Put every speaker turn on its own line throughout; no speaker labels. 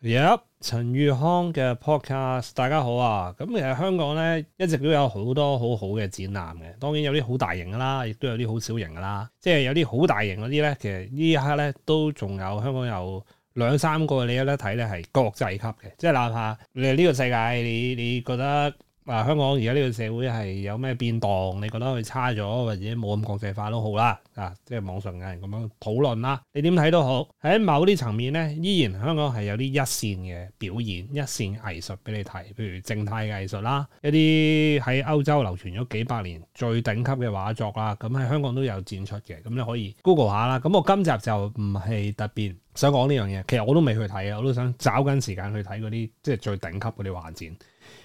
Yep, 陳宇康嘅 podcast，大家好啊！咁其實香港咧，一直都有好多好好嘅展覽嘅，當然有啲好大型噶啦，亦都有啲好小型噶啦。即係有啲好大型嗰啲咧，其實呢一刻咧都仲有香港有兩三個你一得睇咧係國際級嘅，即係諗下你呢個世界，你你覺得？嗱，香港而家呢個社會係有咩變動？你覺得佢差咗，或者冇咁國際化都好啦。啊，即係網上嘅人咁樣討論啦。你點睇都好，喺某啲層面咧，依然香港係有啲一線嘅表演、一線藝術俾你睇，譬如靜態藝術啦，一啲喺歐洲流傳咗幾百年最頂級嘅畫作啦，咁、嗯、喺香港都有展出嘅。咁、嗯、你可以 Google 下啦。咁、嗯、我今集就唔係特別想講呢樣嘢，其實我都未去睇啊，我都想找緊時間去睇嗰啲即係最頂級嗰啲畫展。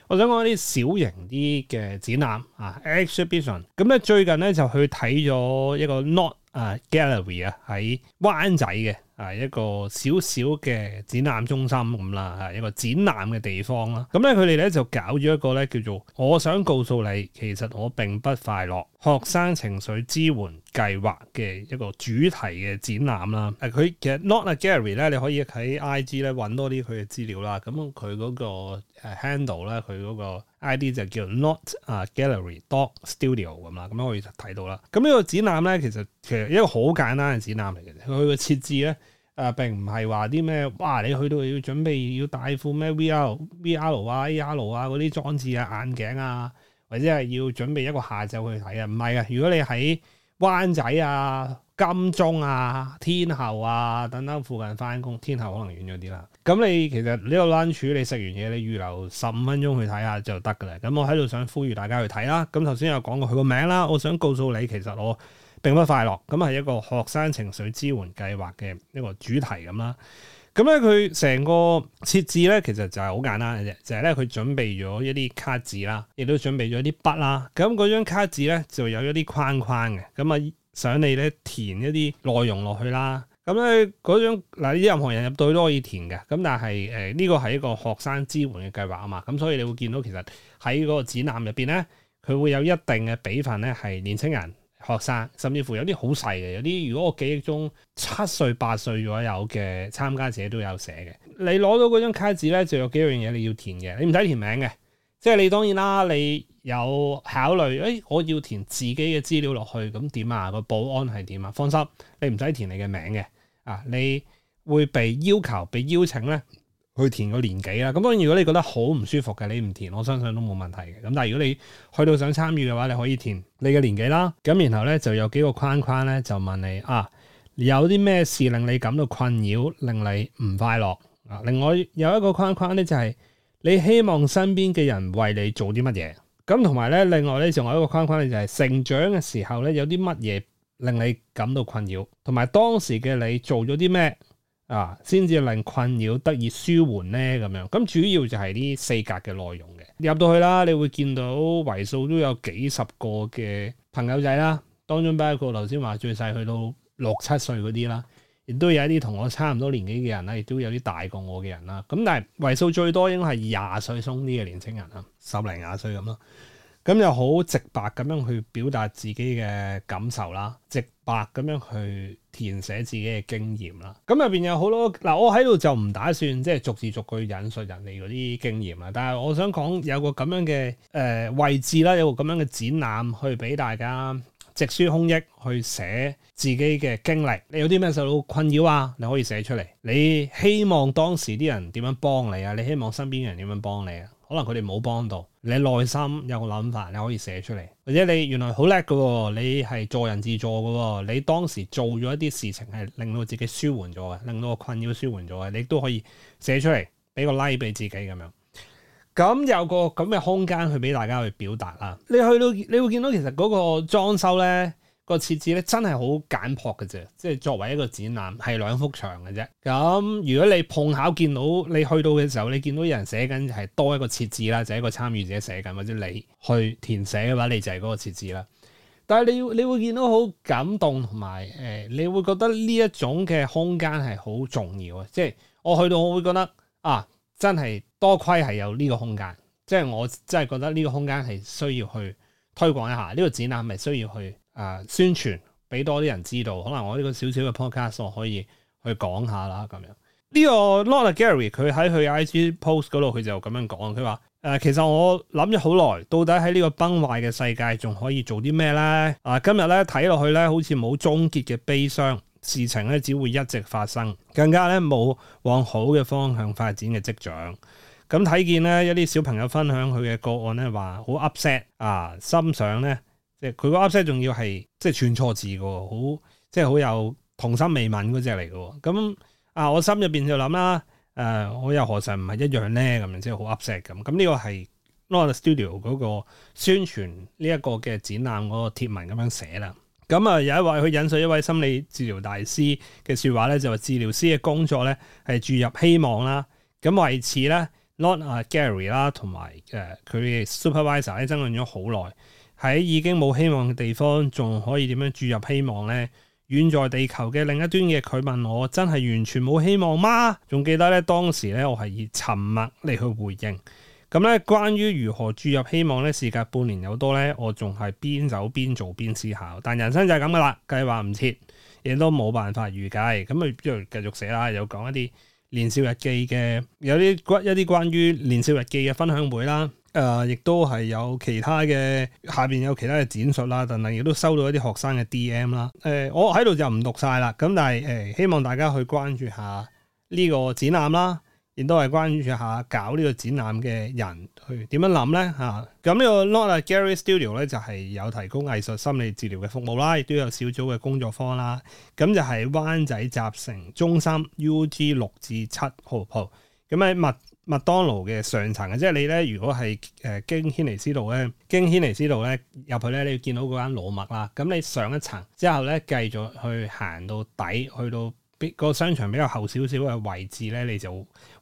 我想講一啲小型啲嘅展覽啊，exhibition。咁咧最近咧就去睇咗一個 not e Uh, Gallery 啊，喺灣仔嘅啊一個小小嘅展覽中心咁啦，啊一個展覽嘅地方啦，咁咧佢哋咧就搞咗一個咧，叫做我想告訴你其實我並不快樂學生情緒支援計劃嘅一個主題嘅展覽啦，誒佢其實 Not a Gallery 咧你可以喺 IG 咧揾多啲佢嘅資料啦，咁佢嗰個 handle 咧佢、那、嗰個 ID 就叫 Not 啊 Gallery Dot Studio 咁啦，咁我哋睇到啦。咁呢個展覽咧，其實其實一個好簡單嘅展覽嚟嘅。佢個設置咧，誒、呃、並唔係話啲咩哇，你去到要準備要戴副咩 VR VR 啊 AR 啊嗰啲裝置啊眼鏡啊，或者係要準備一個下晝去睇啊，唔係啊。如果你喺灣仔啊、金鐘啊、天后啊等等附近翻工，天后可能遠咗啲啦。咁你其實呢個 lunch 你食完嘢，你預留十五分鐘去睇下就得噶啦。咁我喺度想呼籲大家去睇啦。咁頭先有講過佢個名啦，我想告訴你，其實我並不快樂。咁係一個學生情緒支援計劃嘅一個主題咁啦。咁咧佢成個設置咧，其實就係好簡單嘅啫，就係咧佢準備咗一啲卡紙啦，亦都準備咗啲筆啦。咁嗰張卡紙咧就有一啲框框嘅。咁啊。想你咧填一啲內容落去啦，咁咧嗰張嗱，任何人入到都可以填嘅，咁但係誒呢個係一個學生支援嘅計劃啊嘛，咁所以你會見到其實喺嗰個展覽入邊咧，佢會有一定嘅比分，咧係年輕人學生，甚至乎有啲好細嘅，有啲如果我記憶中七歲八歲左右嘅參加者都有寫嘅。你攞到嗰張卡紙咧，就有幾樣嘢你要填嘅，你唔使填名嘅。即係你當然啦、啊，你有考慮，誒、哎，我要填自己嘅資料落去，咁點啊？個保安係點啊？放心，你唔使填你嘅名嘅，啊，你會被要求被邀請咧去填個年紀啦。咁、啊、當然，如果你覺得好唔舒服嘅，你唔填，我相信都冇問題嘅。咁、啊、但係如果你去到想參與嘅話，你可以填你嘅年紀啦。咁然後咧就有幾個框框咧就問你啊，有啲咩事令你感到困擾，令你唔快樂啊？另外有一個框框咧就係、是。你希望身邊嘅人為你做啲乜嘢？咁同埋咧，另外咧，仲有一個框框咧，就係成長嘅時候咧，有啲乜嘢令你感到困擾？同埋當時嘅你做咗啲咩啊，先至令困擾得以舒緩咧？咁樣，咁主要就係呢四格嘅內容嘅。入到去啦，你會見到為數都有幾十個嘅朋友仔啦，當中包括頭先話最細去到六七歲嗰啲啦。亦都有一啲同我差唔多年紀嘅人咧，亦都有啲大過我嘅人啦。咁但係為數最多應該係廿歲鬆啲嘅年青人啊，十零廿歲咁咯。咁又好直白咁樣去表達自己嘅感受啦，直白咁樣去填寫自己嘅經驗啦。咁入邊有好多嗱，我喺度就唔打算即係逐字逐句引述人哋嗰啲經驗啦。但係我想講有個咁樣嘅誒、呃、位置啦，有個咁樣嘅展覽去俾大家。直抒胸臆去寫自己嘅經歷，你有啲咩受到困擾啊？你可以寫出嚟。你希望當時啲人點樣幫你啊？你希望身邊嘅人點樣幫你啊？可能佢哋冇幫到，你內心有個諗法你可以寫出嚟，或者你原來好叻㗎喎，你係助人自助㗎喎，你當時做咗一啲事情係令到自己舒緩咗嘅，令到個困擾舒緩咗嘅，你都可以寫出嚟俾個 like 俾自己咁樣。咁、嗯、有個咁嘅空間去俾大家去表達啦。你去到你會見到其實嗰個裝修咧，嗰個設置咧真係好簡樸嘅啫。即係作為一個展覽，係兩幅牆嘅啫。咁、嗯、如果你碰巧見到你去到嘅時候，你見到有人寫緊係多一個設置啦，就係、是、一個參與者寫緊，或者你去填寫嘅話，你就係嗰個設置啦。但係你你會見到好感動，同埋誒，你會覺得呢一種嘅空間係好重要啊！即係我去到，我會覺得啊，真係～多虧係有呢個空間，即係我真係覺得呢個空間係需要去推廣一下，呢、這個展覽係需要去誒宣傳，俾多啲人知道。可能我呢個小小嘅 podcast 我可以去講下啦，咁樣呢、這個 Lona Gary 佢喺佢 IG post 嗰度佢就咁樣講，佢話誒其實我諗咗好耐，到底喺呢個崩壞嘅世界仲可以做啲咩咧？啊、呃、今日咧睇落去咧好似冇終結嘅悲傷，事情咧只會一直發生，更加咧冇往好嘅方向發展嘅跡象。咁睇見咧，一啲小朋友分享佢嘅個案咧，話好 upset 啊，心想咧，即係佢個 upset 仲要係即係串錯字嘅，好即係好有童心未泯嗰隻嚟嘅。咁啊，我心入邊就諗啦，誒、啊，我又何時唔係一樣咧？咁樣即係好 upset 咁。咁呢個係 Loda Studio 嗰個宣傳呢一個嘅展覽嗰個貼文咁樣寫啦。咁啊，有一位佢引述一位心理治療大師嘅説話咧，就話治療師嘅工作咧係注入希望啦。咁為此咧。Not 啊 Gary 啦，同埋誒佢嘅 supervisor 咧爭論咗好耐，喺已經冇希望嘅地方，仲可以點樣注入希望呢？遠在地球嘅另一端嘅佢問我：真係完全冇希望嗎？仲記得咧當時咧，我係以沉默嚟去回應。咁咧，關於如何注入希望咧，事隔半年有多咧，我仲係邊走邊做邊思考。但人生就係咁噶啦，計劃唔切，亦都冇辦法預計。咁咪邊度繼續寫啦？又講一啲。《年少日記》嘅有啲關一啲關於《年少日記》嘅分享會啦，誒、呃，亦都係有其他嘅，下邊有其他嘅展述啦，等等，亦都收到一啲學生嘅 DM 啦，誒、呃，我喺度就唔讀晒啦，咁但係誒、呃，希望大家去關注下呢個展覽啦。亦都係關注下搞呢個展覽嘅人去點樣諗咧嚇。咁、啊、呢個 Not a Gary Studio 咧就係、是、有提供藝術心理治療嘅服務啦，亦都有小組嘅工作坊啦。咁就係灣仔集成中心 U T 六至七號鋪，咁喺麥麥當勞嘅上層嘅，即係你咧如果係誒經軒尼詩道咧，經軒尼詩道咧入去咧，你要見到嗰間老麥啦。咁你上一層之後咧，繼續去行到底，去到。個商場比較後少少嘅位置咧，你就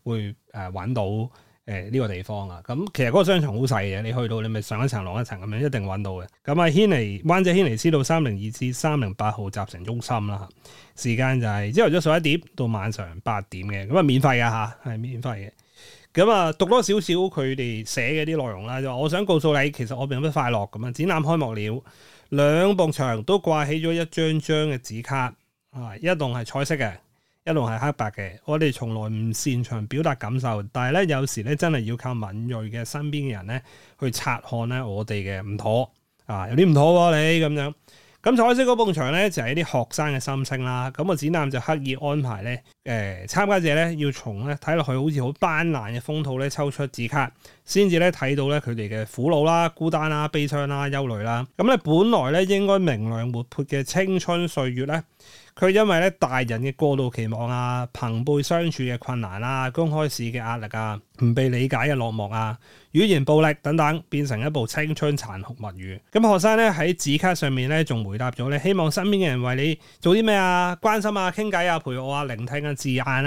會誒揾到誒呢、呃這個地方啊！咁其實嗰個商場好細嘅，你去到你咪上一層落一層咁樣，一定揾到嘅。咁、嗯、啊，軒尼灣仔軒尼詩道三零二至三零八號集成中心啦，時間就係朝頭早十一點到晚上八點嘅，咁、嗯、啊免費嘅嚇，係、嗯、免費嘅。咁、嗯、啊，讀多少少佢哋寫嘅啲內容啦，就我想告訴你，其實我並不快樂咁啊！展覽開幕了，兩埲牆都掛起咗一張張嘅紙卡。啊，一棟係彩色嘅，一棟係黑白嘅。我哋從來唔擅長表達感受，但係咧有時咧真係要靠敏銳嘅身邊嘅人咧，去察看咧我哋嘅唔妥啊，有啲唔妥喎你咁樣。咁、啊、彩色嗰埲牆咧就係啲學生嘅心聲啦。咁、那、我、個、展覽就刻意安排咧。誒參加者咧要從咧睇落去好似好斑斕嘅風土咧抽出紙卡，先至咧睇到咧佢哋嘅苦惱啦、孤單啦、悲傷啦、憂慮啦。咁咧本來咧應該明亮活潑嘅青春歲月咧，佢因為咧大人嘅過度期望啊、朋輩相處嘅困難啦、公開試嘅壓力啊、唔被理解嘅落寞啊、語言暴力等等，變成一部青春殘酷物語。咁學生咧喺紙卡上面咧仲回答咗咧，希望身邊嘅人為你做啲咩啊、關心啊、傾偈啊、陪我啊、聆聽啊。字眼啦，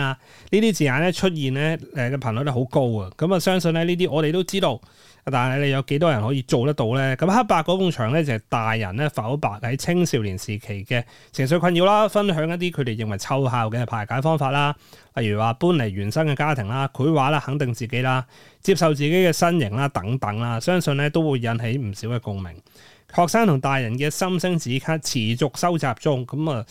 呢啲字眼咧出現咧，誒嘅頻率都好高啊。咁啊相信咧呢啲我哋都知道，但係你有幾多人可以做得到呢？咁黑白嗰埲牆咧就係大人咧剖白喺青少年時期嘅情緒困擾啦，分享一啲佢哋認為奏效嘅排解方法啦，例如話搬離原生嘅家庭啦、繪畫啦、肯定自己啦、接受自己嘅身形啦等等啦，相信咧都會引起唔少嘅共鳴。學生同大人嘅心聲紙卡持續收集中，咁、嗯、啊。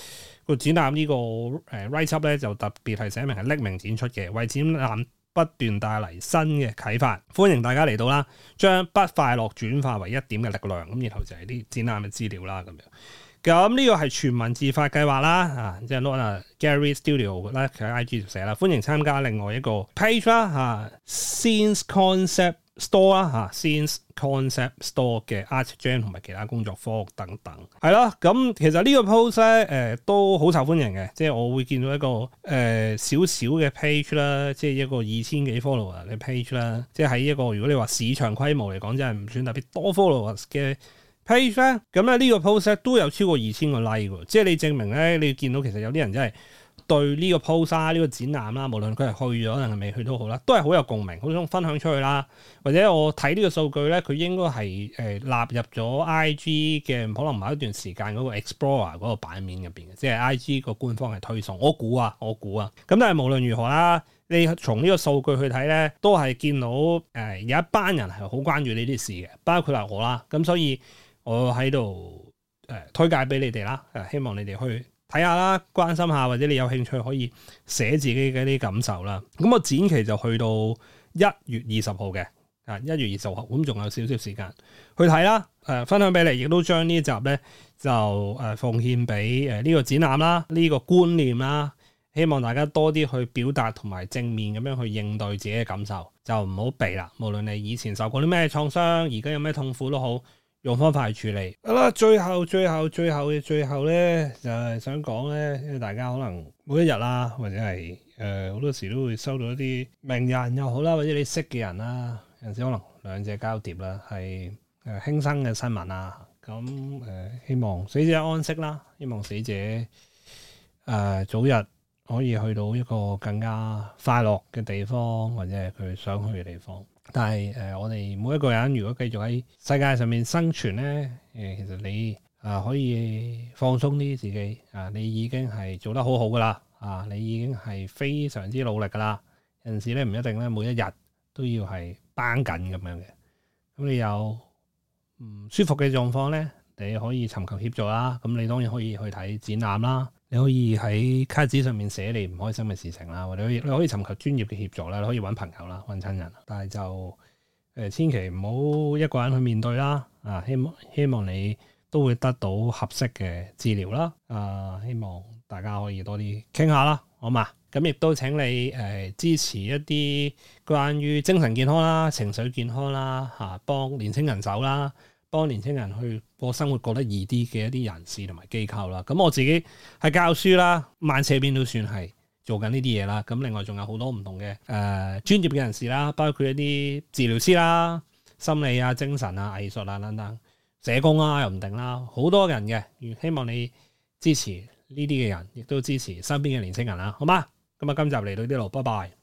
個展覽呢個誒 write up 咧就特別係寫明係匿名展出嘅，為展覽不斷帶嚟新嘅啟發，歡迎大家嚟到啦，將不快樂轉化為一點嘅力量，咁然後就係啲展覽嘅資料啦咁樣。咁呢個係全民自發計劃啦，啊，即係 Luna Gary Studio 咧佢喺 IG 就寫啦，歡迎參加另外一個 page 啦、啊，啊 scene concept。store 啦吓，since concept store 嘅 art jam 同埋其他工作坊等等，係咯，咁、嗯、其實呢個 post 咧、呃，都好受歡迎嘅，即係我會見到一個誒少少嘅 page 啦，即係一個二千幾 follower 嘅 page 啦，即係喺一個如果你話市場規模嚟講，真係唔算特別多 follower 嘅 page 啦，咁啊呢個 post 咧都有超過二千個 like，即係你證明咧，你見到其實有啲人真係。對呢個 post 啦，呢個展覽啦，無論佢係去咗，定係未去都好啦，都係好有共鳴，好想分享出去啦。或者我睇呢個數據咧，佢應該係誒納入咗 IG 嘅可能某一段時間嗰個 Explorer 嗰個版面入邊嘅，即係 IG 個官方嘅推送。我估啊，我估啊。咁但係無論如何啦，你從呢個數據去睇咧，都係見到誒、呃、有一班人係好關注呢啲事嘅，包括埋我啦。咁所以我喺度誒推介俾你哋啦、呃，希望你哋去。睇下啦，關心下，或者你有興趣可以寫自己嘅啲感受啦。咁我展期就去到一月二十號嘅，啊一月二十號，咁仲有少少時間去睇啦。誒、呃、分享俾你，亦都將呢一集咧就誒、呃、奉獻俾誒呢個展覽啦，呢、這個觀念啦，希望大家多啲去表達同埋正面咁樣去應對自己嘅感受，就唔好避啦。無論你以前受過啲咩創傷，而家有咩痛苦都好。用方法去處理。咁啦，最後、最後、最後嘅最後咧，就係想講咧，因為大家可能每一日啦，或者係誒好多時都會收到一啲名人又好啦，或者你識嘅人啦，有陣時可能兩者交疊啦，係誒輕生嘅新聞啊。咁誒，希望死者安息啦，希望死者誒早日可以去到一個更加快樂嘅地方，或者係佢想去嘅地方。但係誒、呃，我哋每一個人如果繼續喺世界上面生存咧，誒、呃，其實你啊、呃、可以放鬆啲自己啊，你已經係做得好好噶啦啊，你已經係非常之努力噶啦。有陣時咧，唔一定咧，每一日都要係繃緊咁樣嘅。咁、啊、你有唔舒服嘅狀況咧，你可以尋求協助啦。咁、啊、你當然可以去睇展覽啦。你可以喺卡紙上面寫你唔開心嘅事情啦，或者你可以尋求專業嘅協助啦，你可以揾朋友啦，揾親人，但係就誒、呃、千祈唔好一個人去面對啦。啊，希望希望你都會得到合適嘅治療啦。啊，希望大家可以多啲傾下啦，好嘛？咁亦都請你誒、呃、支持一啲關於精神健康啦、情緒健康啦，嚇、啊、幫年青人手啦，幫年青人去。過生活過得易啲嘅一啲人士同埋機構啦，咁我自己係教書啦，萬斜邊都算係做緊呢啲嘢啦。咁另外仲有好多唔同嘅誒專業嘅人士啦，包括一啲治療師啦、心理啊、精神啊、藝術啊等等，社工啊又唔定啦，好多人嘅，希望你支持呢啲嘅人，亦都支持身邊嘅年輕人啦，啊，好嘛？咁啊，今集嚟到呢度，拜拜。